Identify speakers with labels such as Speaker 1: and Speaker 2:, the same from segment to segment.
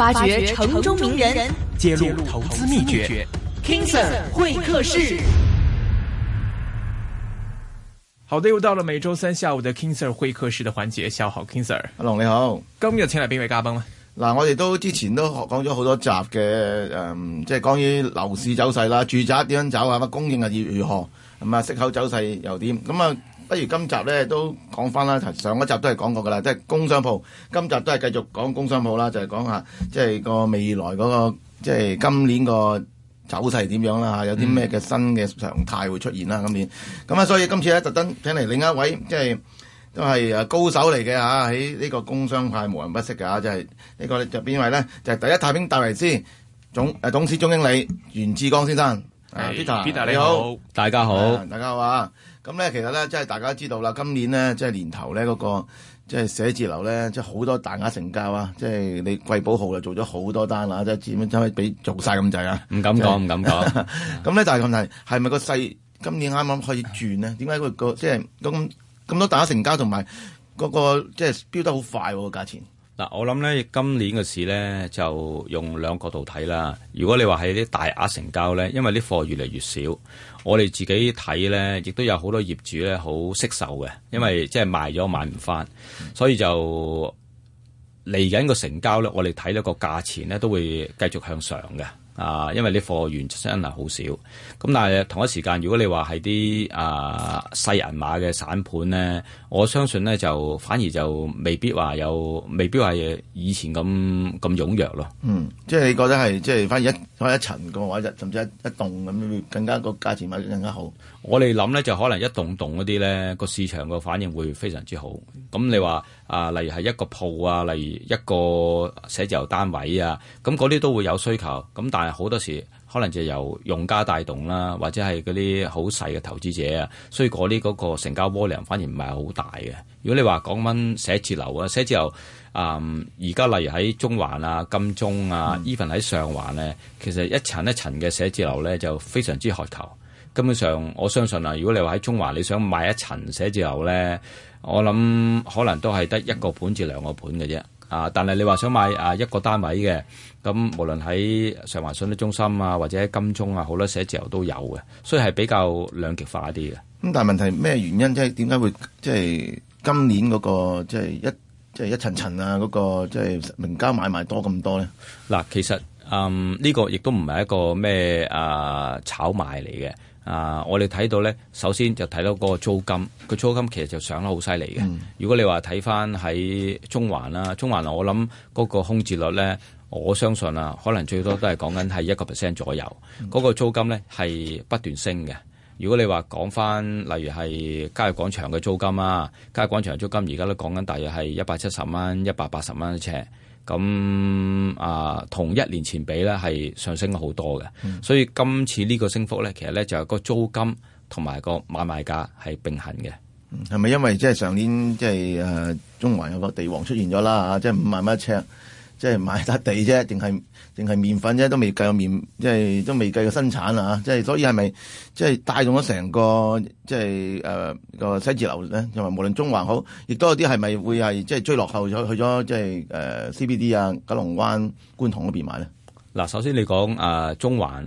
Speaker 1: 發掘城中名人，人，揭露投資秘訣。King Sir 會客室，好的，又到了每周三下午的 King Sir 會客室的環節，小好 King Sir，
Speaker 2: 阿龍，Hello 你好。今日請來邊位嘉賓呢？嗱，我哋都之前都講咗好多集嘅，誒、嗯，即係關於樓市走勢啦，住宅點樣走啊，供應啊如何，咁啊，息口走勢又點，咁、嗯、啊。不如今集咧都講翻啦，上一集都係講過噶啦，即係工商鋪。今集都係繼續講工商鋪啦，就係講下即係個未來嗰個，即係今年個走勢點樣啦嚇，有啲咩嘅新嘅常態會出現啦今年。咁啊，所以今次咧特登請嚟另一位，即係都係誒高手嚟嘅嚇，喺呢個工商界無人不識嘅嚇，就係呢個入邊位咧就係第一太平戴維斯總誒董事總經理袁志剛先生。Peter，Peter 你好，大家好，大家好啊！咁咧，其實咧，即係大家知道啦，今年咧，即係年頭咧，嗰個即係寫字樓咧，即係好多大額成交啊！即係你貴寶號又做咗好多單啦，即係點樣可以俾做晒咁滯啊？唔敢講，唔敢講。咁咧，但係問題，係咪個勢今年啱啱開始轉咧？點解個即係咁咁多大額成交同埋嗰個即係飆得好快個價錢？
Speaker 1: 嗱，我諗咧今年嘅市咧就用兩個角度睇啦。如果你話係啲大額成交咧，因為啲貨越嚟越少，我哋自己睇咧，亦都有好多業主咧好惜售嘅，因為即係賣咗買唔翻，所以就嚟緊個成交咧，我哋睇呢個價錢咧都會繼續向上嘅。啊，因為啲貨源真係好少，咁但係同一時間，如果你話係啲啊細銀碼嘅散盤咧，我相信咧就反而就未必話有，未必話以前咁咁踴躍咯。嗯，
Speaker 2: 即係你覺得係即係反而一翻一層嘅話，甚至一一棟咁樣更加個價錢買得更加好。我哋諗咧
Speaker 1: 就可能一棟棟嗰啲咧個市場個反應會非常之好。咁你話啊，例如係一個鋪啊，例如一個寫字樓單位啊，咁嗰啲都會有需求。咁但係好多時可能就由用家帶動啦，或者係嗰啲好細嘅投資者啊，所以嗰啲嗰個成交 volume 反而唔係好大嘅。如果你話講返寫字樓啊，寫字樓啊，而、嗯、家例如喺中環啊、金鐘啊，even 喺、嗯、上環咧，其實一層一層嘅寫字樓咧就非常之渴求。根本上，我相信啊，如果你話喺中華，你想買一層寫字樓咧，我諗可能都係得一個盤至兩個盤嘅啫。啊，但係你話想買啊一個單位嘅，咁、啊、無論喺上環信德中心啊，或者喺金鐘啊，好多寫字樓都有嘅，所以係比較兩極化啲嘅。
Speaker 2: 咁但係問題咩原因即係點解會即係、就是、今年嗰、那個即係、就是、一即係、就是、一層層啊嗰、那個即係名家買賣多咁多咧？
Speaker 1: 嗱，其實嗯呢、這個亦都唔係一個咩啊炒賣嚟嘅。啊！我哋睇到咧，首先就睇到嗰個租金，個租金其實就上得好犀利嘅。如果你話睇翻喺中環啦，中環我諗嗰個空置率咧，我相信啊，可能最多都係講緊係一個 percent 左右。嗰個租金咧係不斷升嘅。如果你話講翻，例如係嘉裕廣場嘅租金啊，嘉裕廣場嘅租金而家都講緊，大約係一百七十蚊、一百八十蚊一尺。咁啊，同一年前比咧，係上升咗好多嘅。嗯、所以今次呢個升幅咧，其實咧就係個租金同埋個買賣價係並行嘅。
Speaker 2: 係咪因為即係上年即係誒中環有個地王出現咗啦？嚇，即係五萬蚊一尺。即係買笪地啫，定係定係麵粉啫，都未計過麵，即係都未計過生產啊！即係所以係咪即係帶動咗成個即係誒、呃、個寫字樓咧？因為無論中環好，亦都有啲係咪會係即係追落後咗去咗即係誒、呃、CBD 啊、九龍灣、觀塘嗰邊買咧？
Speaker 1: 嗱，首先你講誒、呃、中環誒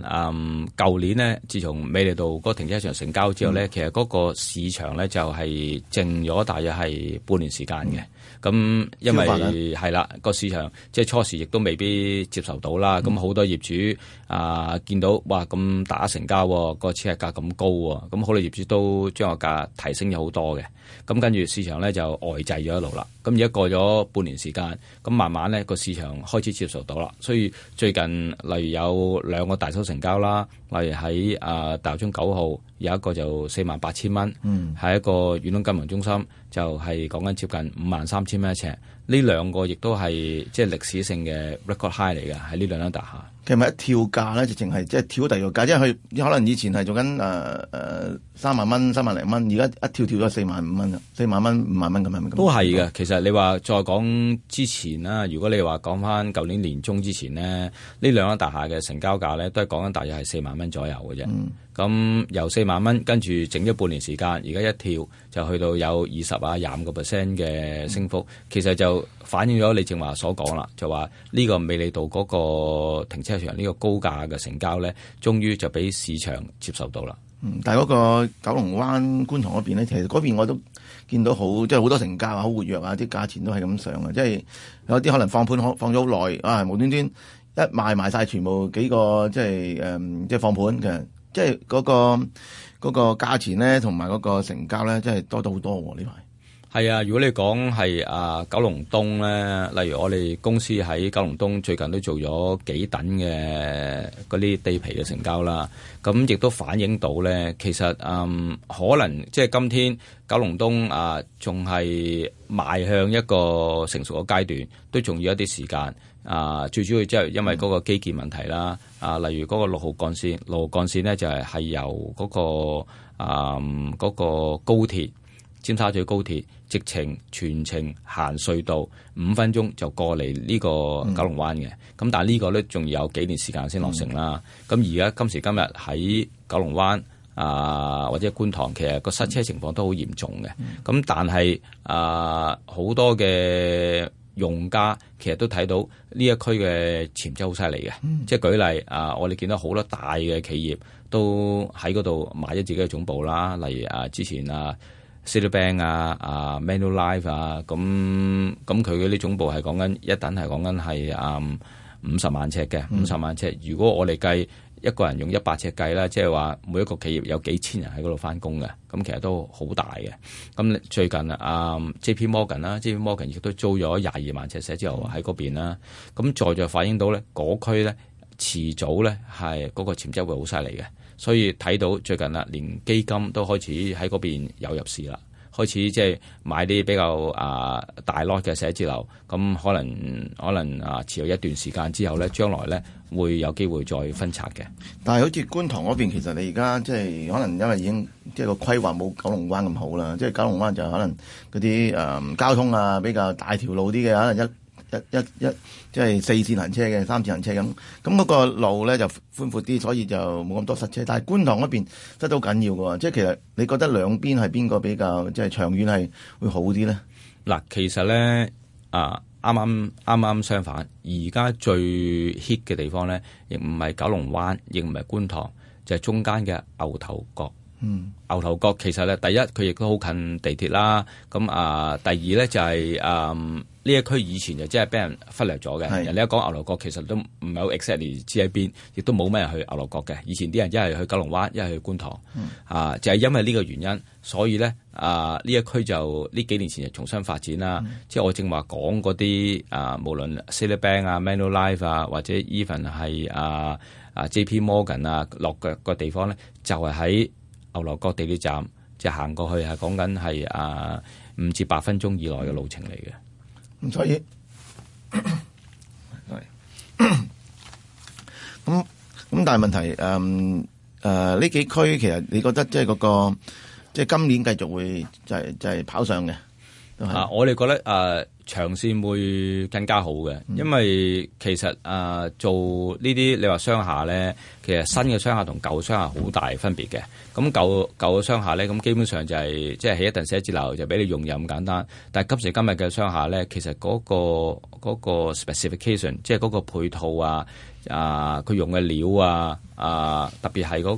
Speaker 1: 舊、呃、年咧，自從美利道嗰個停車場成交之後咧、嗯，其實嗰個市場咧就係靜咗大約係半年時間嘅。嗯咁因為，係啦，個市場，即係初時亦都未必接受到啦，咁、嗯、好多業主。啊！見到哇，咁打成交個、哦、尺價咁高喎，哦，咁好多業主都將個價提升咗好多嘅。咁跟住市場咧就呆滯咗一路啦。咁而家過咗半年時間，咁慢慢咧個市場開始接受到啦。所以最近例如有兩個大手成交啦，例如喺啊、呃、大道中九號有一個就四萬八千蚊，嗯，係一個遠東金融中心，就係講緊接近五萬三千蚊一尺。呢兩個亦都係即係歷史性嘅 record high 嚟嘅，喺呢兩間大廈。
Speaker 2: 其實一跳價咧，直情係即係跳第二個價，因為佢可能以前係做緊誒誒三萬蚊，三萬零蚊，而家一跳跳咗四萬五蚊，四萬蚊，五萬蚊咁樣
Speaker 1: 咁。都係嘅，嗯，其實你話再講之前啦，如果你話講翻舊年年中之前咧，呢兩間大廈嘅成交價咧，都係講緊大約係四萬蚊左右嘅啫。咁，嗯、由四萬蚊跟住整咗半年時間，而家一跳就去到有二十啊廿五個 percent 嘅升幅，嗯，其實就反映咗你正話所講啦，就話呢個美利道嗰個停車。呢個高價嘅成交咧，終於就俾市場接受到啦。嗯，
Speaker 2: 但係嗰個九龍灣觀塘嗰邊咧，其實嗰邊我都見到好，即係好多成交啊，好活躍啊，啲價錢都係咁上啊。即係有啲可能放盤放放咗好耐啊，無端端一賣賣晒全部幾個，即係誒，即係放盤嘅，即係嗰個嗰個價錢咧，同埋嗰個成交咧，真係多到好多呢排。
Speaker 1: 係啊，如果你講係啊九龍東咧，例如我哋公司喺九龍東最近都做咗幾等嘅嗰啲地皮嘅成交啦，咁亦都反映到咧，其實嗯可能即係今天九龍東啊仲係邁向一個成熟嘅階段，都仲要一啲時間啊。最主要即係因為嗰個基建問題啦，啊例如嗰個六號幹線，六號幹線咧就係係由嗰個啊嗰個高鐵、尖沙咀高鐵。直情全程行隧道，五分鐘就過嚟呢個九龍灣嘅。咁、嗯、但係呢個咧，仲有幾年時間先落成啦。咁而家今時今日喺九龍灣啊、呃，或者觀塘，其實個塞車情況都好嚴重嘅。咁、嗯、但係啊，好、呃、多嘅用家其實都睇到呢一區嘅潛質好犀利嘅。即係舉例啊、呃，我哋見到好多大嘅企業都喺嗰度買咗自己嘅總部啦，例如啊，之前啊。Citibank 啊啊，Manulife 啊，咁咁佢嘅呢總部係講緊一等係講緊係啊五十萬尺嘅五十萬尺。如果我哋計一個人用一百尺計啦，即係話每一個企業有幾千人喺嗰度翻工嘅，咁其實都好大嘅。咁最近啊，J.P.Morgan 啦、啊、，J.P.Morgan 亦都租咗廿二萬尺尺之後，喺嗰邊啦、啊。咁在就反映到咧，嗰區咧遲早咧係嗰個潛質會好犀利嘅。所以睇到最近啦，連基金都開始喺嗰邊有入市啦，開始即係買啲比較啊大 Lot 嘅寫字樓，咁可能可能啊，持有一段時間之後咧，將來咧會有機會再
Speaker 2: 分拆嘅。但係好似觀塘嗰邊，其實你而家即係可能因為已經即係個規劃冇九龍灣咁好啦，即係九龍灣就可能嗰啲誒交通啊比較大條路啲嘅，可能一。一一即係四線行車嘅，三線行車咁。咁嗰個路咧就寬闊啲，所以就冇咁多塞車。但係觀塘嗰邊都好緊要嘅，即係其實你覺得兩邊係邊個比較即係長遠係會好啲咧？
Speaker 1: 嗱，其實咧啊，啱啱啱啱相反，而家最 hit 嘅地方咧，亦唔係九龍灣，亦唔係觀塘，就係中間嘅牛頭角。嗯，牛頭角其實咧，第一佢亦都好近地鐵啦。咁啊，第二咧就係嗯。啊呢一區以前就真係俾人忽略咗嘅。人哋一講牛頭角，其實都唔係好 exactly 知喺邊，亦都冇咩人去牛頭角嘅。以前啲人一係去九龍灣，一係去觀塘、嗯、啊，就係、是、因為呢個原因，所以咧啊，呢一區就呢幾年前就重新發展啦、嗯。即係我正話講嗰啲啊，無論 Citibank 啊、Manulife 啊，或者 even 係啊啊 J P Morgan 啊落腳、個地方咧，就係、是、喺牛頭角地鐵站，就行、是、過去係講緊係啊，五至八分鐘以內嘅路程嚟嘅。嗯
Speaker 2: 所以，係咁咁，但係問題，誒、嗯、誒，呢、呃、幾區其實你覺得即係嗰個，即、就、係、是、今年繼續會就係、是、就係、是、跑上嘅啊？
Speaker 1: 我哋覺得誒。呃長線會更加好嘅，因為其實啊、呃、做呢啲你話商廈咧，其實新嘅商廈同舊商廈好大分別嘅。咁舊舊嘅商廈咧，咁基本上就係、係、即係起一層寫字樓就俾你用又咁簡單。但係今時今日嘅商廈咧，其實嗰個嗰個 specification，即係嗰個配套啊啊，佢用嘅料啊啊，特別係嗰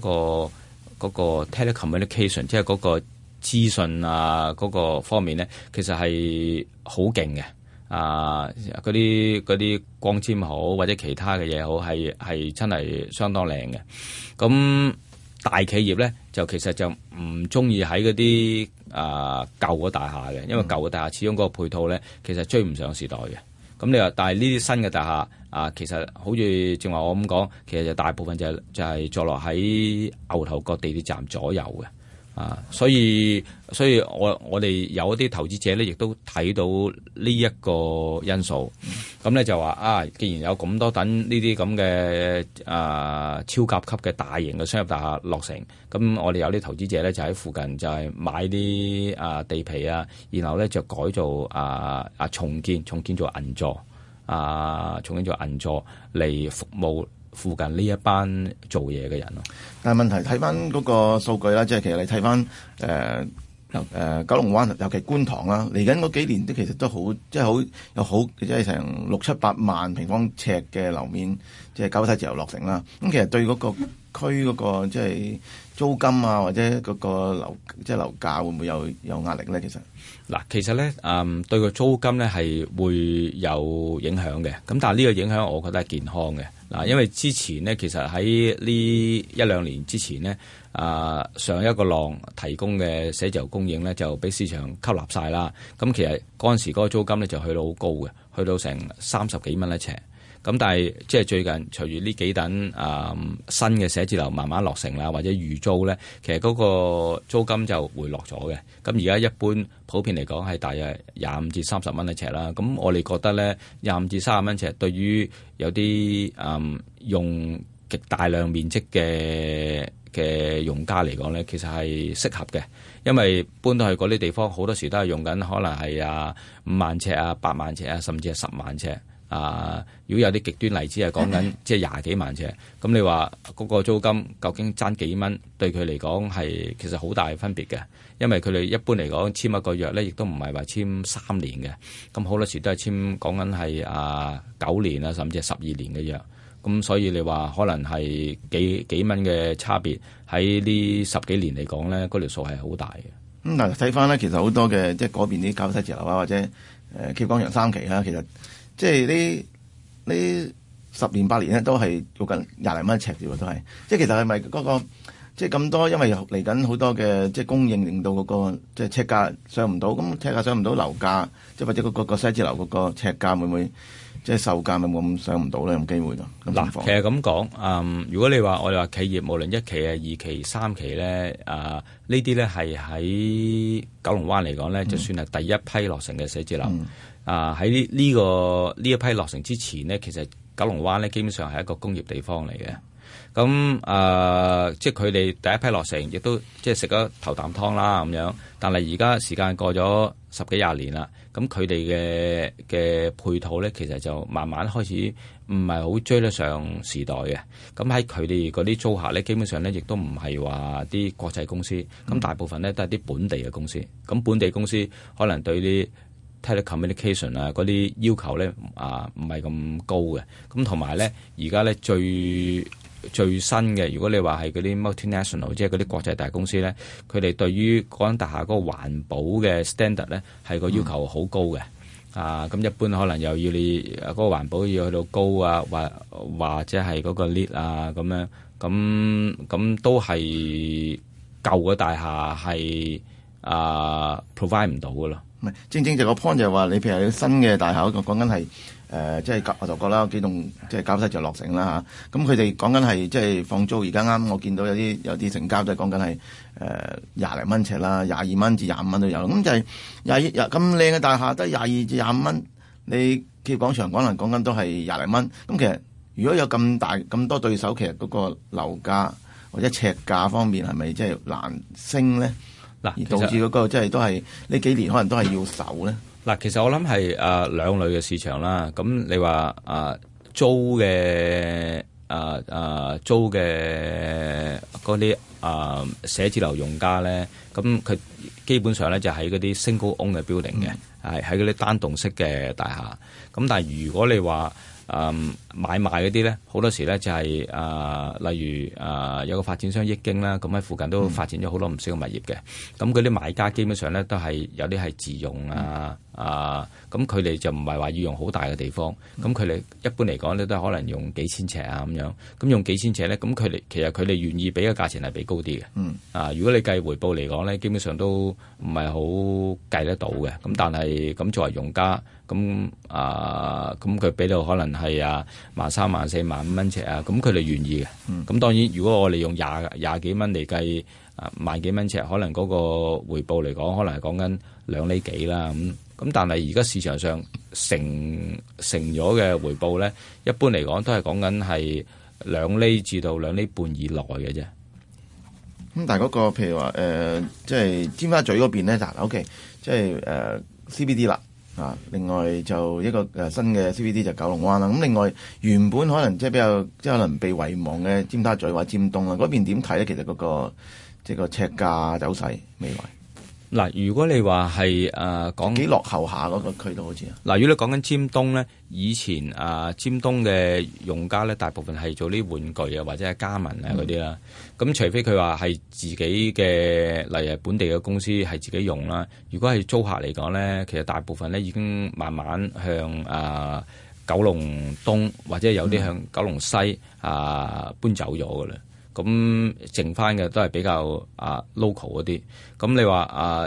Speaker 1: 個嗰個 telecommunication，即係嗰個。嗰個資訊啊，嗰個方面咧，其實係好勁嘅啊！嗰啲啲光纖好，或者其他嘅嘢好，係係真係相當靚嘅。咁大企業咧，就其實就唔中意喺嗰啲啊舊嘅大廈嘅，因為舊嘅大廈始終嗰個配套咧，其實追唔上時代嘅。咁你話，但係呢啲新嘅大廈啊，其實好似正話我咁講，其實就大部分就係、就係、係、坐落喺牛頭角地鐵站左右嘅。啊，所以所以我我哋有一啲投資者咧，亦都睇到呢一個因素，咁咧就話啊，既然有咁多等呢啲咁嘅啊超甲級嘅大型嘅商業大廈落成，咁我哋有啲投資者咧就喺附近就係買啲啊地皮啊，然後咧就改造啊啊重建，重建做銀座啊，重建做銀座嚟服務。附近呢一
Speaker 2: 班做嘢嘅人咯、啊，但係問題睇翻嗰個數據啦，即係其實你睇翻誒誒九龍灣，尤其觀塘啦，嚟緊嗰幾年都其實都好，即係好有好，即係成六七百萬平方尺嘅樓面，即、就、係、是、九體自由落成啦。咁其實對嗰個區嗰、嗰個即係。租金啊，或者嗰個樓即係、就是、樓價會唔會有有壓力咧？其實
Speaker 1: 嗱，其實咧，嗯，對個租金咧係會有影響嘅。咁但係呢個影響，我覺得係健康嘅嗱，因為之前咧，其實喺呢一兩年之前咧，啊上一個浪提供嘅寫字樓供應咧，就俾市場吸納晒啦。咁其實嗰陣時嗰個租金咧就去到好高嘅，去到成三十幾蚊一呎。咁但係即係最近隨住呢幾棟啊、嗯、新嘅寫字樓慢慢落成啦，或者預租咧，其實嗰個租金就回落咗嘅。咁而家一般普遍嚟講係大約廿五至三十蚊一尺啦。咁我哋覺得咧廿五至三十蚊尺，對於有啲啊、嗯、用極大量面積嘅嘅用家嚟講咧，其實係適合嘅，因為搬到去嗰啲地方，好多時都係用緊可能係啊五萬尺啊、八萬尺啊，甚至係十萬尺。啊！如果有啲極端例子係講緊，即係廿幾萬尺咁，你話嗰個租金究竟爭幾蚊？對佢嚟講係其實好大分別嘅，因為佢哋一般嚟講簽一個約咧，亦都唔係話簽三年嘅。咁好多時都係簽講緊係啊九年啊，甚至係十二年嘅約。咁所以你話可能係幾幾蚊嘅差別喺呢十幾年嚟講咧，嗰條數係好大嘅。咁、
Speaker 2: 嗯、嗱，睇翻咧，其實好多嘅即係嗰邊啲教室置業啊，或者誒錦江洋三期啦，其實。即係呢，呢十年八年咧，都係做近廿零蚊尺住啊！都係即係，其實係咪嗰個即係咁多？因為嚟緊好多嘅即係供應、嗰個，令到嗰個即係尺價上唔到。咁尺價上唔到，樓價即係或者、嗰個、嗰個個寫字樓嗰個尺價會唔會即係售價有冇咁上唔到咧？咁冇機會㗎？其實
Speaker 1: 咁講，嗯，如果你話我哋話企業，無論一期啊、二期、三期咧，啊、呃，呢啲咧係喺九龍灣嚟講咧，就算係第一批落成嘅寫字樓。嗯啊！喺呢、呢個呢一批落成之前呢，其實九龍灣呢基本上係一個工業地方嚟嘅。咁啊、呃，即係佢哋第一批落成，亦都即係食咗頭啖湯啦咁樣。但係而家時間過咗十幾廿年啦，咁佢哋嘅嘅配套呢，其實就慢慢開始唔係好追得上時代嘅。咁喺佢哋嗰啲租客呢，基本上呢亦都唔係話啲國際公司，咁大部分呢都係啲本地嘅公司。咁本地公司可能對啲 telecommunication 啊，嗰啲要求咧啊，唔係咁高嘅。咁同埋咧，而家咧最最新嘅，如果你話係嗰啲 multinational，即係嗰啲國際大公司咧，佢哋對於嗰間大廈嗰個環保嘅 standard 咧，係個要求好高嘅，嗯。啊，咁一般可能又要你嗰、嗰個環保要去到高啊，或者或者係嗰個 LEED 啊咁樣，咁咁都係舊嘅大廈係
Speaker 2: 啊 provide 唔到噶咯。唔係正正就個 point 就係話你譬如你新嘅大廈，講緊係誒，即係我就覺得幾棟即係交室就落成啦嚇咁佢哋講緊係即係放租，而家啱我見到有啲有啲成交就係講緊係誒廿零蚊尺啦，廿二蚊至廿五蚊都有。咁就係廿二廿咁靚嘅大廈得廿二至廿五蚊，你企業廣場可能講緊都係廿零蚊。咁其實如果有咁大咁多對手，其實嗰個樓價或者尺價方面係咪即係難升咧？而導致嗰個即係都係呢幾年可能都係要守咧。
Speaker 1: 嗱，其實我諗係啊兩類嘅市場啦。咁你話啊租嘅啊啊租嘅嗰啲啊，啊，啊寫字樓用家咧，咁佢基本上咧就喺嗰啲 single owned 嘅 building 嘅，係喺嗰啲單棟式嘅大廈。咁但係如果你話嗯。啊買賣嗰啲咧，好多時咧就係、是、啊、呃，例如啊、呃，有個發展商億京啦，咁喺附近都發展咗好多唔少嘅物業嘅。咁佢啲買家基本上咧都係有啲係自用啊、嗯、啊，咁佢哋就唔係話要用好大嘅地方，咁佢哋一般嚟講咧都係可能用幾千尺啊咁樣。咁用幾千尺咧，咁佢哋其實佢哋願意俾嘅價錢係俾高啲嘅。嗯啊，如果你計回報嚟講咧，基本上都唔係好計得到嘅。咁但係咁作為用家，咁啊咁佢俾到可能係啊。萬三萬四萬五蚊尺啊，咁佢哋願意嘅。咁當然，如果我哋用廿廿幾蚊嚟計啊，萬幾蚊尺，可能嗰個回報嚟講，可能係講緊兩厘幾啦。咁、嗯、咁，但係而家市場上成成咗嘅回報咧，一般嚟講都係講緊係兩厘至
Speaker 2: 到兩厘半以內嘅啫。咁但係嗰個譬如話誒，即、呃、係、就是、尖沙咀嗰邊咧，嗱，O K，即係誒 C B D 啦。Okay, 就是 uh, 啊！另外就一個誒新嘅 CBD 就九龍灣啦。咁另外原本可能即係比較即係、就是、可能被遺忘嘅尖沙咀或者尖東啦。嗰邊點睇咧？其實、嗰個即係、就是、個尺價走勢未來。
Speaker 1: 嗱，如果你話係誒講幾落後下
Speaker 2: 嗰個區都好似啊。嗱，如果你講緊尖
Speaker 1: 東咧，以前誒、啊、尖東嘅用家咧，大部分係做啲玩具啊或者係家文啊嗰啲啦。咁、嗯、除非佢話係自己嘅例如本地嘅公司係自己用啦。如果係租客嚟講咧，其實大部分咧已經慢慢向誒、啊、九龍東或者有啲向九龍西、嗯、啊搬走咗嘅啦。咁剩翻嘅都係比較啊 local 嗰啲，咁你話啊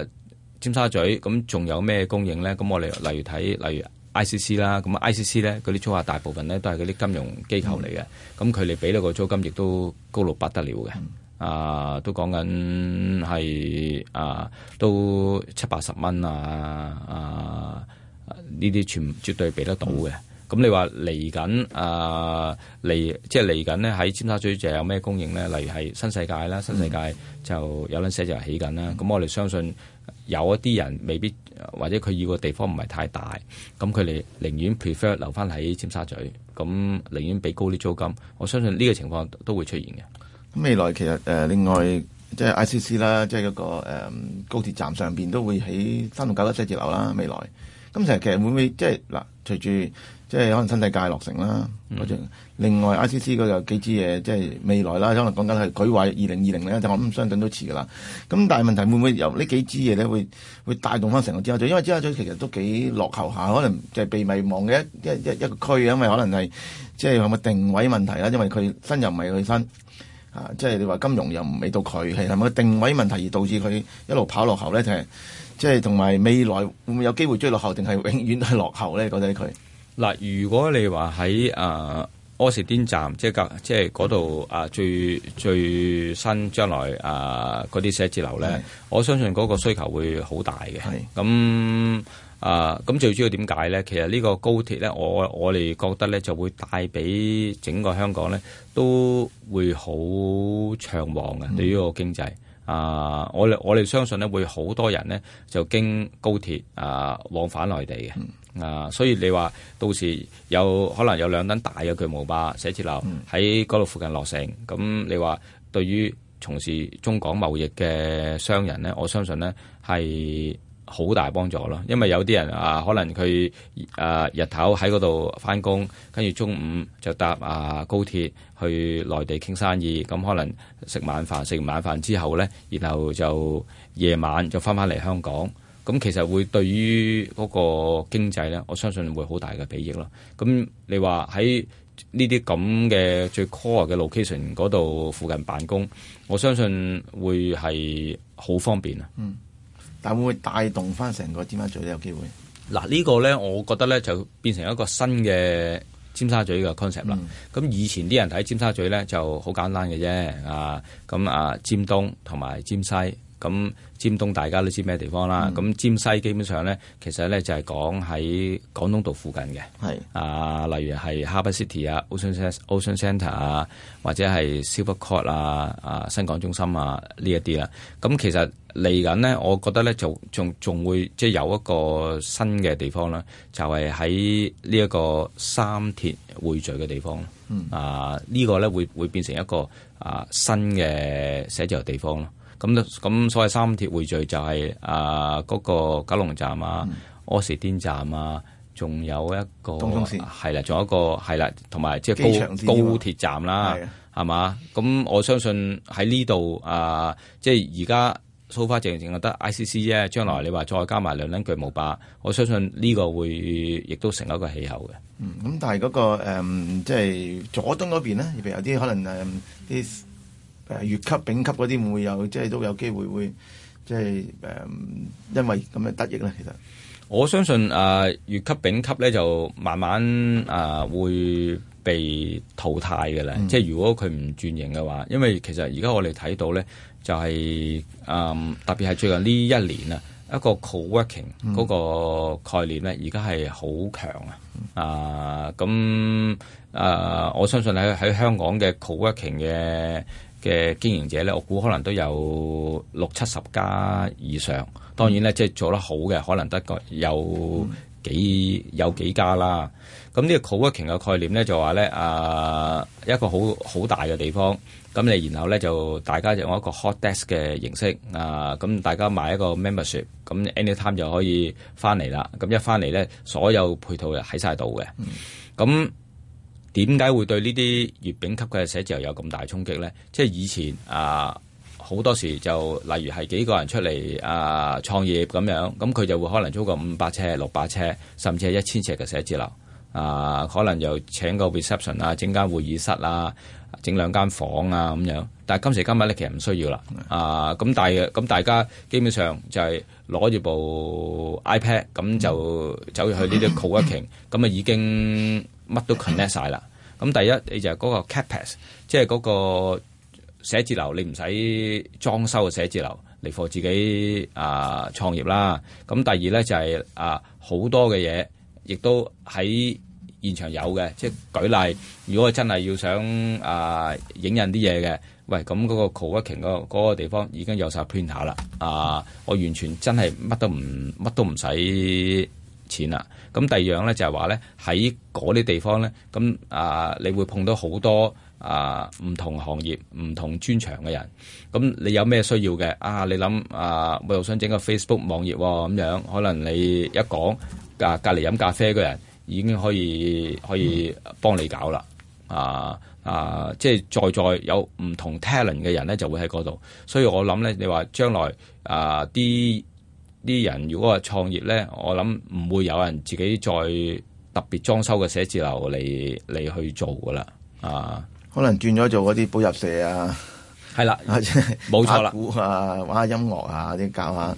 Speaker 1: 尖沙咀咁仲有咩供應咧？咁我哋例如睇例如 ICC 啦，咁 ICC 咧嗰啲租客大部分咧都係嗰啲金融機構嚟嘅，咁佢哋俾到個租金亦都高六百得了嘅、嗯，啊都講緊係啊都七八十蚊啊啊呢啲全絕對俾得到嘅。嗯咁、嗯、你話嚟緊啊嚟即係嚟緊咧？喺、就是、尖沙咀就有咩供應咧？例如係新世界啦，新世界就有撚寫字樓起緊啦。咁我哋相信有一啲人未必或者佢要個地方唔係太大，咁佢哋寧願 prefer 留翻喺尖沙咀，咁寧願俾高啲租金。我相信呢個情況都
Speaker 2: 會出現嘅。咁未來其實誒、呃，另外即係 ICC 啦，即係、那、嗰個、呃、高鐵站上面都會喺三號九號寫字樓啦。未來咁成日其實會唔會即係嗱，隨住？即係可能新世界落成啦，嗯、另外 I C C 嗰就幾支嘢，即係未來啦。可能講緊係舉位二零二零咧，就我唔相信都遲噶啦。咁但係問題會唔會由呢幾支嘢咧，會會帶動翻成個之亞組，因為之亞組其實都幾落後下，可能就係被遺忘嘅一一一個區，因為可能係即係有冇定位問題啦？因為佢新又唔係佢新啊，即係你話金融又唔未到佢係咪定位問題而導致佢一路跑落後咧？就係即係同埋未來會唔會有機會追落後，定係永遠都係落後咧？覺得佢。
Speaker 1: 嗱，如果你話喺誒柯士甸站，即係隔，即嗰度誒最最新將來誒嗰啲寫字樓咧，我相信嗰個需求會好大嘅。咁誒咁最主要點解咧？其實呢個高鐵咧，我我哋覺得咧就會帶俾整個香港咧都會好暢旺嘅，對於個經濟。誒、嗯啊，我我哋相信咧會好多人咧就經高鐵誒、啊、往返內地嘅。嗯啊，所以你話到時有可能有兩棟大嘅巨無霸，寫字樓喺嗰度附近落成，咁你話對於從事中港貿易嘅商人呢，我相信呢係好大幫助咯。因為有啲人啊，可能佢、啊、日頭喺嗰度翻工，跟住中午就搭啊高鐵去內地傾生意，咁可能食晚飯，食完晚飯之後呢，然後就夜晚就翻返嚟香港。咁其實會對於嗰個經濟咧，我相信會好大嘅裨益咯。咁你話喺呢啲咁嘅最 core 嘅 location 嗰度附近辦公，我相信會係好方便啊。嗯。
Speaker 2: 但會唔會帶動翻成個尖沙咀都有機會？
Speaker 1: 嗱、這個，呢個咧，我覺得咧就變成一個新嘅尖沙咀嘅 concept 啦。咁、嗯、以前啲人喺尖沙咀咧就好簡單嘅啫啊。咁啊，尖東同埋尖西。咁尖東大家都知咩地方啦？咁、嗯、尖西基本上咧，其實咧就係、是、講喺廣東道附近嘅。係啊，例如係 Harbour City 啊、Ocean Centre 啊，或者係 Silvercord 啊、啊新港中心啊呢一啲啦。咁其實嚟緊咧，我覺得咧就仲仲會即係、就是、有一個新嘅地方啦，就係喺呢一個三鐵匯聚嘅地方。嗯。啊，這個、呢個咧會會變成一個啊新嘅寫字樓地方咯。咁咁所謂三鐵匯聚就係、是、啊嗰、那個九龍站啊、柯、嗯、士甸站啊，仲有一個係係啦，仲有一個係啦，同埋即係高高鐵站啦、啊，係嘛？咁我相信喺呢度啊，即係而家蘇花淨淨得 I C C 啫，將來你話再加埋兩呎巨無霸，我相信呢個會亦都成一個氣
Speaker 2: 候嘅。嗯，咁但係嗰、那個即係、嗯就是、佐敦嗰邊咧，例如有啲可能誒啲。嗯乙、呃、乙級、丙級嗰啲會唔會有，即、就、係、是、都有機會會，即係誒，因為咁樣的得益咧。其實
Speaker 1: 我相信誒，乙、呃、級、丙級咧就慢慢誒、呃、會被淘汰嘅啦、嗯。即係如果佢唔轉型嘅話，因為其實而家我哋睇到咧就係、是、誒、呃，特別係最近呢一年啊，一個 co-working 嗰個概念咧，而家係好強啊、嗯。啊，咁、呃、我相信喺喺香港嘅 co-working 嘅。嘅經營者咧，我估可能都有六七十家以上。當然咧，即係做得好嘅，可能得個有幾有幾家啦。咁呢個 co-working 嘅概念咧，就話咧，啊，一個好好大嘅地方。咁你然後咧就大家就用一個 hot desk 嘅形式啊，咁大家買一個 membership，咁 anytime 就可以翻嚟啦。咁一翻嚟咧，所有配套又喺晒度嘅。咁、嗯點解會對呢啲月餅級嘅寫字樓有咁大衝擊呢？即係以前啊，好多時就例如係幾個人出嚟啊創業咁樣，咁佢就會可能租個五百尺、六百尺，甚至係一千尺嘅寫字樓啊，可能就請個 reception 啊，整間會議室啊，整兩間房啊咁樣。但係今時今日咧，其實唔需要啦啊。咁大嘅咁大家基本上就係攞住部 iPad 咁就走入去呢啲 co-working，咁啊已經。乜都 connect 曬啦，咁第一你就係嗰個 cat pass 即係嗰個寫字樓，你唔使裝修嘅寫字樓嚟貨自己啊、呃、創業啦。咁第二咧就係啊好多嘅嘢，亦都喺現場有嘅。即係舉例，如果真係要想啊、呃、影印啲嘢嘅，喂，咁嗰個 coworking 嗰個嗰個地方已經有晒 printer 啦。啊、呃，我完全真係乜都唔乜都唔使。錢啦，咁第二樣咧就係話咧，喺嗰啲地方咧，咁啊，你會碰到好多啊唔同行業、唔同專長嘅人。咁你有咩需要嘅啊？你諗啊，我又想整個 Facebook 網頁喎，咁樣可能你一講隔、啊、隔離飲咖啡嘅人已經可以可以幫你搞啦、嗯。啊啊，即係在在有唔同 talent 嘅人咧，就會喺嗰度。所以我諗咧，你話將來啊啲。啲人如果話創業咧，我諗唔會有人自己再特別裝修嘅寫字樓嚟嚟去做噶啦，啊，可能轉咗做嗰啲補習社啊，係啦，冇錯啦，啊，
Speaker 2: 玩下音樂啊，啲教下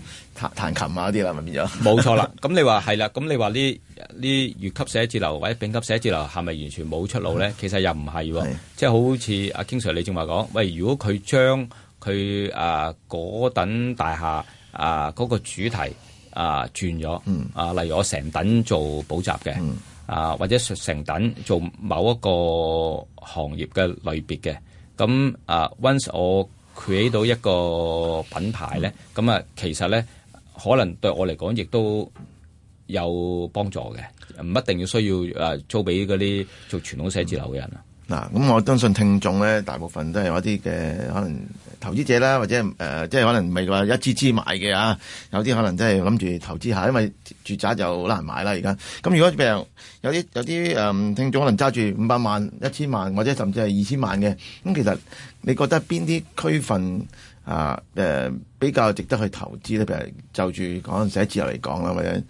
Speaker 2: 彈彈琴啊啲啦，咪變咗。冇錯啦，咁你
Speaker 1: 話係啦，咁你話啲
Speaker 2: 啲乙級寫字
Speaker 1: 樓或者丙級寫字樓係咪完全冇出路咧？其實又唔係，即係好似阿 King Sir 你正話講，喂，如果佢將佢啊嗰等大廈。啊，嗰、那個主題啊轉咗啊，例如我成等做補習嘅、嗯、啊，或者成等做某一個行業嘅類別嘅，咁啊，once 我 create 到一個品牌咧，咁、嗯、啊，其實咧可能對我嚟講亦都有幫助嘅，唔一定要需要啊租俾嗰啲做傳統寫字樓嘅人啊。
Speaker 2: 嗱、啊，咁我相信聽眾咧，大部分都係有一啲嘅可能投資者啦，或者誒、呃，即係可能唔係話一支支買嘅啊，有啲可能真係諗住投資下，因為住宅就好難買啦而家。咁如果譬如有啲有啲誒、嗯、聽眾可能揸住五百萬、一千萬或者甚至係二千萬嘅，咁其實你覺得邊啲區份啊、呃、比較值得去投資咧？譬如就住講寫字樓嚟講啦，或者。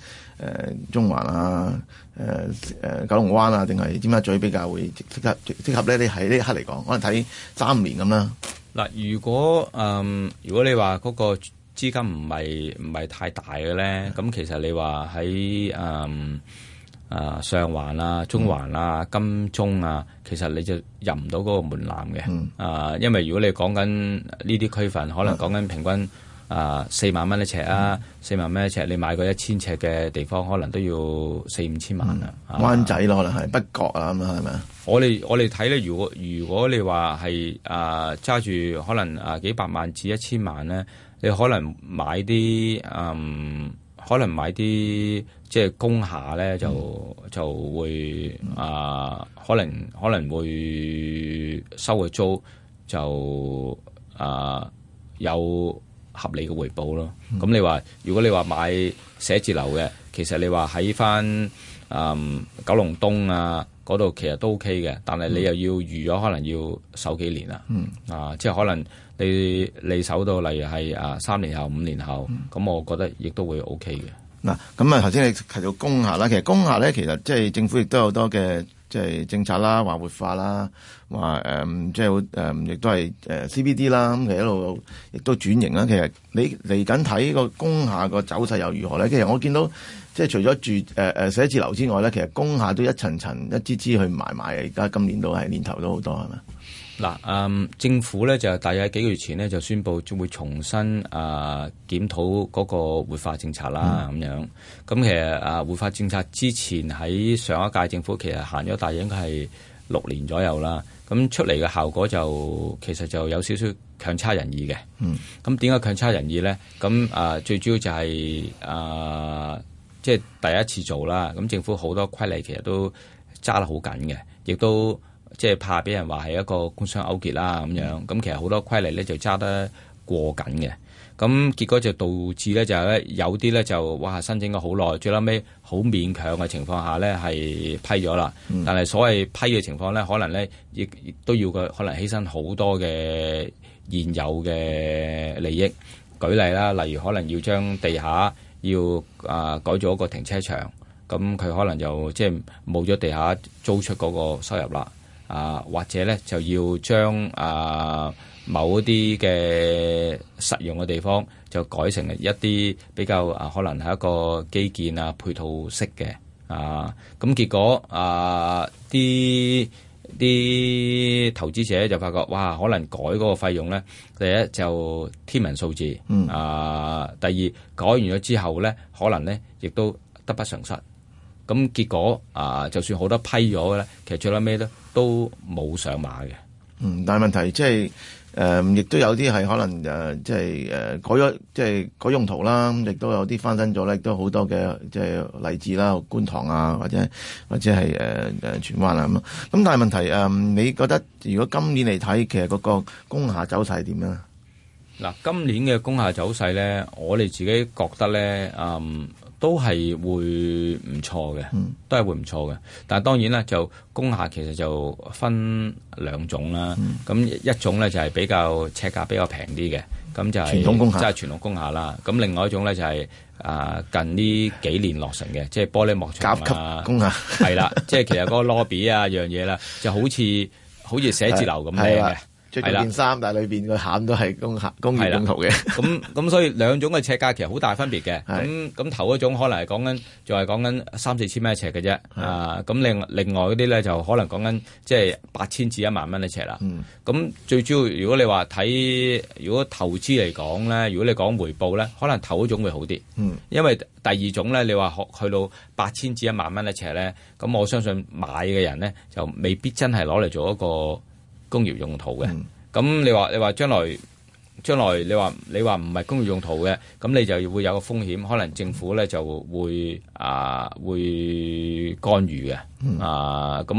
Speaker 2: 呃、中環啊、呃，九龍灣啊，定係尖沙咀比較會適合適合咧？你喺呢一刻嚟講，可能睇三年咁啦。
Speaker 1: 嗱，如果、嗯、如果你話嗰個資金唔係唔係太大嘅咧，咁其實你話喺、嗯啊、上環啊、中環啊、嗯、金鐘啊，其實你就入唔到嗰個門檻嘅、嗯。啊，因為如果你講緊呢啲區份、嗯，可能講緊平均。啊，四萬蚊一尺啊，嗯、四萬蚊一尺，你買個一千尺嘅地方，可能都要四五千萬啦、嗯啊。灣仔咯，可能係、
Speaker 2: 嗯、北角啊咁啊，係咪？
Speaker 1: 我哋我哋睇咧，如果如果你話係啊揸住可能啊幾百萬至一千萬咧，你可能買啲嗯，可能買啲即係工廈咧，就、嗯、就會啊、嗯，可能可能會收嘅租就啊有。合理嘅回報咯，咁你話如果你話買寫字樓嘅，其實你話喺翻啊九龍東啊嗰度，其實都 OK 嘅，但係你又要預咗可能要守幾年、嗯、啊，啊即係可能你你守到例如係啊三年後五年後，咁、嗯、我覺
Speaker 2: 得亦都會 OK 嘅。嗱，咁啊頭先你提到工廈啦，其實工廈咧其實即係政府亦都有好多嘅。即係政策啦，話活化啦，話誒、呃，即係誒，亦、呃、都係 CBD 啦，咁其實一路亦都轉型啦。其實你嚟緊睇個工廈個走勢又如何咧？其實我見到即係除咗住誒、呃、寫字樓之外咧，其實工廈都一層層、一支支去埋埋。而家今年都係年頭都好多係咪？嗱，嗯，
Speaker 1: 政府咧就大約喺幾個月前咧就宣布將會重新啊、呃、檢討嗰個活化政策啦，咁、嗯、樣。咁其實啊活化政策之前喺上一屆政府其實行咗大約應該係六年左右啦。咁出嚟嘅效果就其實就有少少強差人意嘅。嗯。咁點解強差人意咧？咁啊最主要就係、是、啊即係、就是、第一次做啦。咁政府好多規例其實都揸得好緊嘅，亦都。即係怕俾人話係一個官商勾結啦，咁樣咁、嗯、其實好多規例咧就揸得過緊嘅，咁結果就導致咧就是、有啲咧就哇申請咗好耐，最後尾好勉強嘅情況下咧係批咗啦。但係所謂批嘅情況咧，可能咧亦都要佢可能犧牲好多嘅現有嘅利益。舉例啦，例如可能要將地下要啊改造一個停車場，咁佢可能就即係冇咗地下租出嗰個收入啦。啊，或者咧就要將啊某一啲嘅實用嘅地方就改成一啲比較啊，可能係一個基建啊配套式嘅啊。咁結果啊，啲啲投資者就發覺，哇，可能改嗰個費用咧，第一就天文數字，嗯、啊，第二改完咗之後咧，可能咧亦都得不償失。咁結果啊，就算好多批咗嘅咧，其實最尾咧都冇上馬嘅。嗯，但係問題
Speaker 2: 即係誒，亦、即係呃、都有啲係可能即係誒改咗，即、即係、改用途啦。亦都有啲翻新咗咧，亦都好多嘅即係例子啦，觀塘啊，或者或者係誒誒荃灣啊咁。咁但係問題、呃、你覺得、呃、如果今年嚟睇，其實嗰個工廈走勢點啊？
Speaker 1: 嗱，今年嘅工廈走勢咧，我哋自己覺得咧，嗯、呃。都係會唔錯嘅，嗯，都係會唔錯嘅。但係當然啦，就工廈其實就分兩種啦。咁、嗯、一種咧就係比較尺價比較平啲嘅，咁就係即係傳統工廈，就是，啦。咁另外一種咧就係，是，啊、呃、近呢幾年落成嘅，即係玻璃幕牆啊。甲級工廈係啦。啊， 即係其實嗰個 lobby 啊 樣嘢啦，就好似好似寫字樓咁樣嘅。係啦，件
Speaker 2: 衫，但係裏邊個餡都係工工業用途嘅。
Speaker 1: 咁 咁，所以兩種嘅尺價其實好大分別嘅。咁咁，頭嗰種可能係講緊，就係講緊三四千蚊一尺嘅啫。啊，咁另另外嗰啲咧，就可能講緊，即係八千至一萬蚊一尺啦。咁最主要，如果你話睇，如果投資嚟講咧，如果你講回報咧，可能頭嗰種會好啲。嗯，因為第二種咧，你話去到八千至一萬蚊一尺咧，咁我相信買嘅人咧就未必真係攞嚟做一個。工業用途嘅咁、嗯，你話你話將來將來，你話你話唔係工業用途嘅咁，你就會有個風險，可能政府咧就會啊會干預嘅、嗯、啊。咁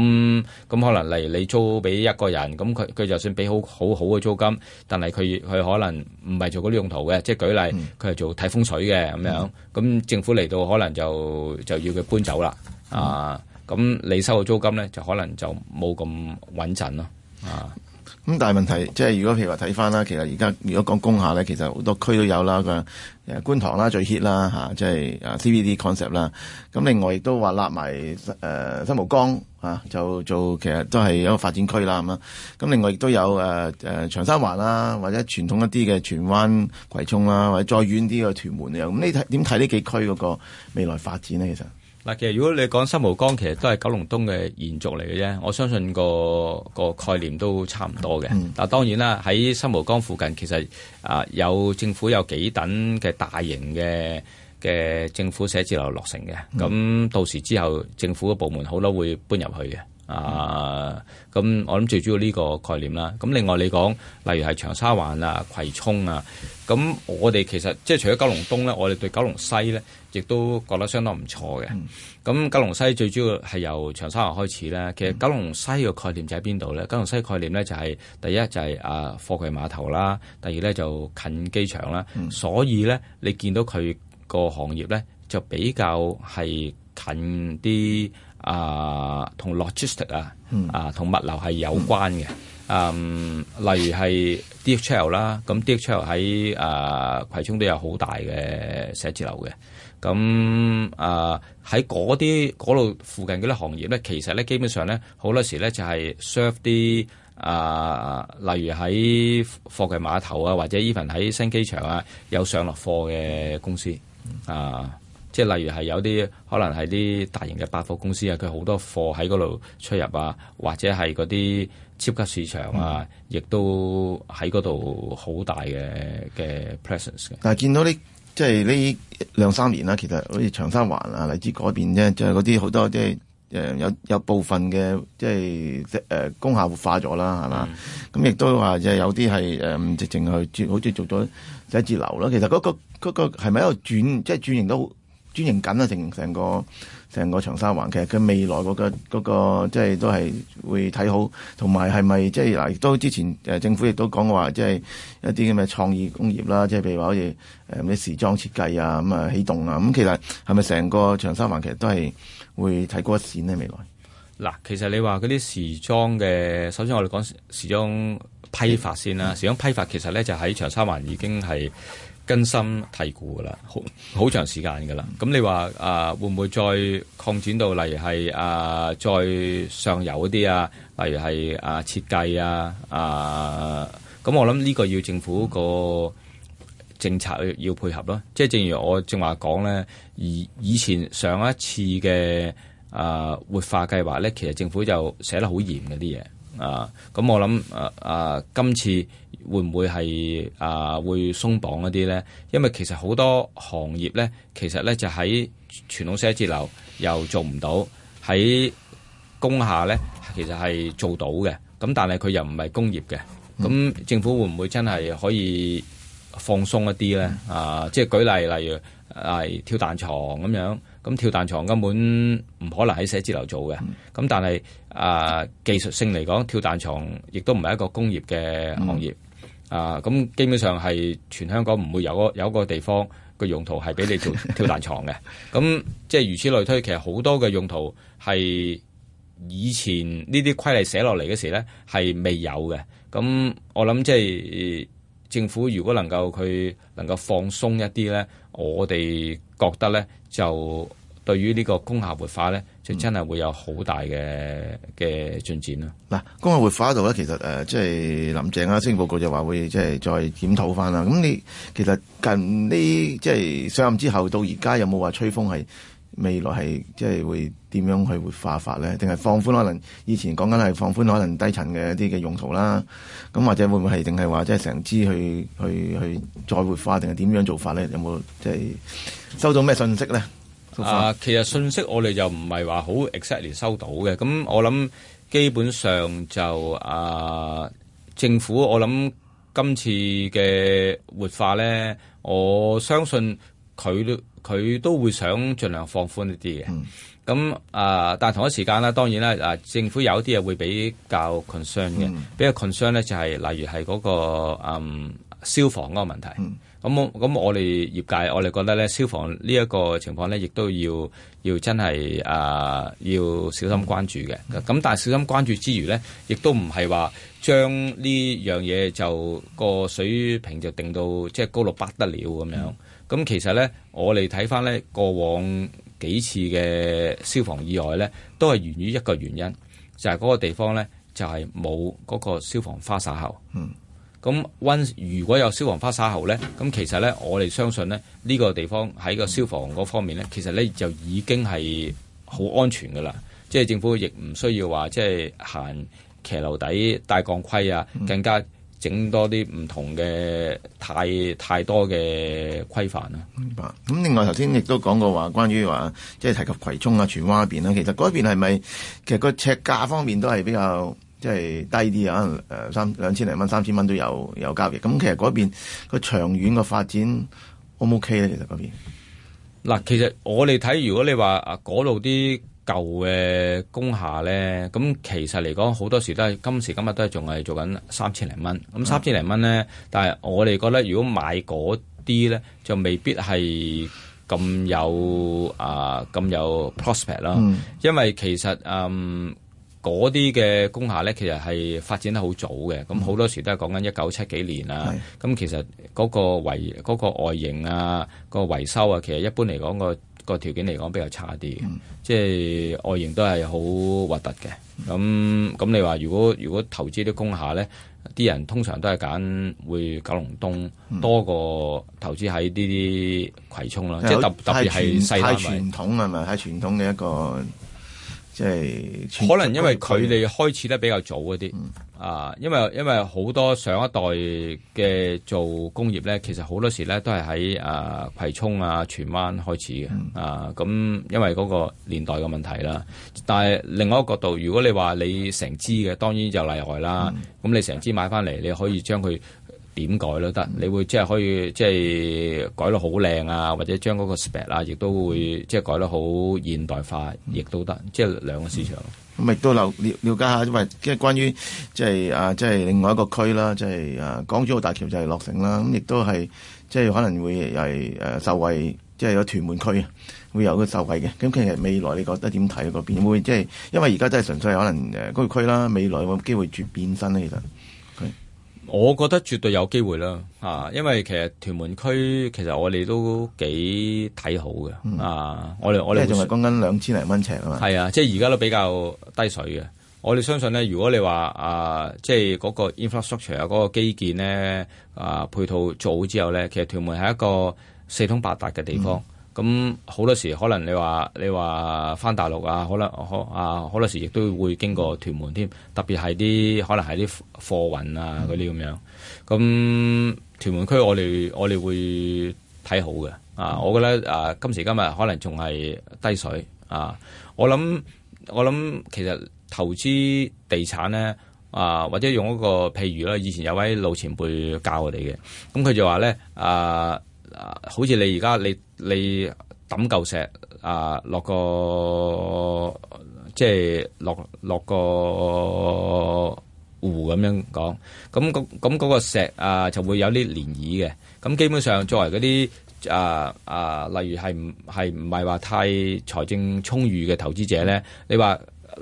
Speaker 1: 咁可能例如你租俾一個人，咁佢佢就算俾好好好嘅租金，但係佢佢可能唔係做嗰啲用途嘅，即、就、係、是、舉例佢係、嗯、做睇風水嘅咁樣。咁政府嚟到可能就就要佢搬走啦啊。咁你
Speaker 2: 收嘅租金咧就可能就冇咁穩陣咯。啊，咁但係問題即係如果譬如話睇返啦，其實而家如果講工廈咧，其實好多區都有啦，誒觀塘啦最 hit 啦嚇，即係誒 CBD concept 啦，咁另外亦都話立埋誒新蒲崗啊，就做其實都係一個發展區啦咁啊，咁另外亦都有誒誒、呃、長沙灣啦，或者傳統一啲嘅荃灣葵涌啦，或者再遠啲嘅屯門啊，咁你睇點睇呢幾區嗰個未來發展呢？其實。
Speaker 1: 嗱，其實如果你講新蒲崗，其實都係九龍東嘅延續嚟嘅啫。我相信個，個概念都差唔多嘅。嗱，當然啦，喺新蒲崗附近，其實啊有政府有幾等嘅大型嘅嘅政府寫字樓落成嘅。咁到時之後政府嘅部門好多，會搬入去嘅。嗯、啊，咁我諗最主要呢個概念啦。咁另外你講，例如係長沙灣啊、葵涌啊，咁我哋其實即係除咗九龍東咧，我哋對九龍西咧，亦都覺得相當唔錯嘅。咁、嗯、九龍西最主要係由長沙灣開始咧。其實九龍西個概念就喺邊度咧？九龍西概念咧就係、是、第一就係、是、啊貨櫃碼頭啦，第二咧就近機場啦。嗯、所以咧，你見到佢個行業咧，就比較係近啲。啊，同 logistic 啊，啊，同物流係有關嘅。嗯，例如係 DHL 啦，咁 DHL 喺啊葵涌都有好大嘅寫字樓嘅。咁啊喺嗰啲嗰度附近嗰啲行業咧，其實咧基本上咧好多時咧就係 serve 啲啊，例如喺貨櫃碼頭啊，或者 even 喺新機場啊有上落貨嘅公司啊。即係例如係有啲可能係啲大型嘅百貨公司啊，佢好多貨喺嗰度出入啊，或者係嗰啲超級市場啊，亦、嗯、都喺嗰度好大嘅嘅 presence 嘅。
Speaker 2: 但係見到呢，即係呢兩三年啦，其實好似長沙灣啊、荔枝嗰邊啫，就係嗰啲好多即係、就是、有有部分嘅即係誒工廈活化咗啦，係嘛？咁亦都話即係有啲係誒直情去好似做咗寫字樓啦。其實嗰、那個嗰係咪喺度轉即係、就是、轉型都？好。專營緊啊！成成個成個長沙環，其實佢未來嗰、嗰個、嗰個、即係都係會睇好，同埋係咪即係嗱？亦都之前誒政府亦都講過話，即係一啲咁嘅創意工業啦，即係譬如話好似誒咩時裝設計啊咁啊起動啊咁、嗯，其實係咪成個長沙環其實都係會睇過一線咧？未來
Speaker 1: 嗱，其實你話嗰啲時裝嘅，首先我哋講時裝批發先啦，嗯、時裝批發其實咧就喺、是、長沙環已經係。根深蒂固噶啦，好好長時間噶啦。咁你話啊、呃，會唔會再擴展到例如係啊，再上游啲啊，例如係啊、呃、設計啊啊。咁、呃、我諗呢個要政府個政策要配合咯。即、就、係、是、正如我正話講咧，以以前上一次嘅啊、呃、活化計劃咧，其實政府就寫得好嚴嘅啲嘢啊。咁、呃、我諗啊啊，今次。會唔會係啊、呃，會鬆綁一啲咧？因為其實好多行業咧，其實咧就喺傳統寫字樓又做唔到，喺工廈咧其實係做到嘅。咁但係佢又唔係工業嘅。咁、嗯、政府會唔會真係可以放鬆一啲咧？啊、呃，即係舉例例如係、哎、跳彈床咁樣。咁跳彈床根本唔可能喺寫字樓做嘅。咁、嗯、但係啊、呃，技術性嚟講，跳彈床亦都唔係一個工業嘅行業。嗯嗯啊，咁基本上係全香港唔會有個有個地方個用途係俾你做跳彈 床嘅，咁即係如此類推。其實好多嘅用途係以前呢啲規例寫落嚟嘅時咧係未有嘅。咁我諗即係政府如果能夠佢能夠放鬆一啲咧，我哋覺得咧就。對於呢個工廈活化咧，就真係會有好大
Speaker 2: 嘅嘅、嗯、進展嗱，工廈活化嗰度咧，其實誒即係林鄭啊施政報告就話會即係、就是、再檢討翻啦。咁你其實近呢即係上任之後到而家有冇話吹風係未來係即係會點樣去活化法咧？定係放寬可能以前講緊係放寬可能低層嘅一啲嘅用途啦？咁或者會唔會係定係話即係成支去去去再活化，定係點樣做法咧？有冇即係收到咩信息咧？啊，
Speaker 1: 其實信息我哋就唔係話好 exactly 收到嘅，咁我諗基本上就啊，政府我諗今次嘅活化咧，我相信佢都佢都會想盡量放寬一啲嘅。咁、嗯、啊，但係同一時間啦，當然啦，啊，政府有啲嘢會比較 concern 嘅，嗯、比較 concern 咧就係、是、例如係嗰、嗰個嗯消防嗰個問題。嗯咁我咁我哋業界，我哋覺得咧，消防呢一個情況咧，亦都要要真係啊、呃，要小心關注嘅。咁、嗯、但係小心關注之餘咧，亦都唔係話將呢樣嘢就個水平就定到即係、就是、高到不得了咁樣。咁、嗯、其實咧，我哋睇返咧過往幾次嘅消防意外咧，都係源於一個原因，就係、是、嗰個地方咧就係冇嗰個消防花灑喉嗯。咁温如果有消防花灑喉咧，咁其實咧，我哋相信咧，呢個地方喺個消防嗰方面咧，其實咧就已經係好安全噶啦。即係政府亦唔需要話即係行騎樓底帶降規啊，更加整
Speaker 2: 多啲唔同嘅太太多嘅規範啦、啊。明白。咁另外頭先亦都講過話，關於話即係提及葵涌啊、荃灣嗰邊啦，其實嗰邊係咪其實個尺價方面都係比較？即係低啲啊！誒，三兩千零蚊、三千蚊都有有交易。咁其實嗰邊個長遠嘅發展 O 唔 OK 咧？其實嗰邊
Speaker 1: 嗱，其實我哋睇，如果你話啊嗰度啲舊嘅工廈咧，咁其實嚟講好多時都係今時今日都係仲係做緊三千零蚊。咁三千零蚊咧，但係我哋覺得如果買嗰啲咧，就未必係咁有啊咁有 prospect 啦、嗯。因為其實嗯。嗰啲嘅工廈咧，其實係發展得好早嘅，咁、嗯、好多時都係講緊一九七幾年啦、啊。咁其實嗰個維、嗰個、外形啊，嗰個維修啊，其實一般嚟講個個條件嚟講比較差啲嘅，即、嗯、係、即係、外形都係好核突嘅。咁、嗯、咁你話如果如果投資啲工廈咧，啲人通常都係揀會九龍東、嗯、多過投資喺呢啲葵涌啦、嗯，即係特特別係太傳統。太傳
Speaker 2: 統係咪？太傳統嘅一個。即、就、係、是、可能因為佢哋
Speaker 1: 開始得比較早嗰啲，嗯、啊，因為因為好多上一代嘅做工業咧，其實好多時咧都係喺誒葵涌啊荃灣開始嘅、嗯、啊，咁因為嗰個年代嘅問題啦。但係另外一個角度，如果你話你成支嘅，當然就例外啦。咁、嗯、你成支買翻嚟，你可以將佢。點改都得，你會即係可以即係改得好靚啊，或者將嗰個 spec 啊，亦都會即係改得好現代化，亦都得。即係兩個市場，咁、
Speaker 2: 嗯、亦、嗯、都留，了了解一下，因為關於即、就、係、是、啊，即、就、係、是、另外一個區啦，即、就、係、是、啊，港珠澳大橋就係落成啦，咁、嗯、亦都係即係可能會係誒、呃、受惠，即、就、係、是、有屯門區會有個受惠嘅。咁其實未來你覺得點睇嗰邊？會即係、就是、因為而家都係純粹可能誒居住區啦，未來有冇機會轉變身咧？其實？我覺
Speaker 1: 得絕對有機會啦，啊，因為其實屯門區其實我哋都幾睇好嘅，嗯，啊，我哋我哋即係仲係講
Speaker 2: 緊兩千零蚊尺啊嘛，係啊，
Speaker 1: 即係而家都比較低水嘅。我哋相信咧，如果你話啊，即係嗰個 infrastructure 嗰個基建咧，啊配套做好之後咧，其實屯門係一個四通八達嘅地方。嗯。咁好多時可能你話你話返大陸啊，可能啊，好啊，好多時亦都會經過屯門添，特別係啲可能係啲貨運啊嗰啲咁樣。咁屯門區我哋我哋會睇好嘅啊！我覺得啊，今時今日可能仲係低水啊！我諗我諗其實投資地產咧啊，或者用一個譬如咧，以前有位老前輩教我哋嘅，咁佢就話咧啊，好似你而家你。你抌嚿石啊，落個即係落落個湖咁樣講，咁咁咁嗰個石啊就會有啲漣漪嘅。咁基本上作為嗰啲啊啊，例如係係唔係話太財政充裕嘅投資者咧？你話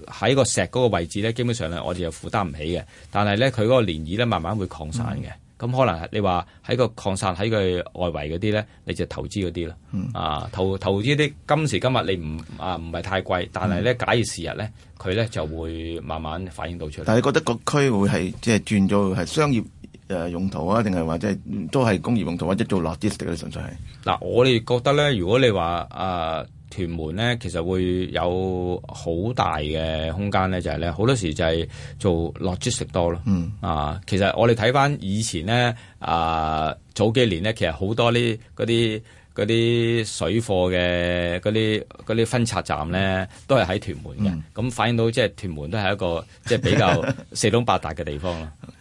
Speaker 1: 喺個石嗰個位置咧，基本上咧我哋又負擔唔起嘅。但係咧，佢嗰個漣漪咧，慢慢會擴散嘅。嗯咁可能你話喺個擴散喺佢外圍嗰啲咧，你就投資嗰啲啦。啊，投投資啲今時今日你唔啊唔係太貴，但係咧假以時日咧，佢咧就會慢慢反映到出嚟。但係你覺得
Speaker 2: 個區會係即係轉做係商業用途啊，定係話即係都係工業用途，或者做 logistic 嘅純粹係？
Speaker 1: 嗱、啊，我哋覺得咧，如果你話啊。屯門咧，其實會有好大嘅空間咧，就係咧好多時就係做 logistics 多咯、嗯。啊，其實我哋睇翻以前咧，啊早幾年咧，其實好多啲嗰啲啲水貨嘅嗰啲啲分拆站咧，都係喺屯門嘅。咁、嗯、反映到即係屯門都係一個即係、即係、比較四通八達嘅地方咯。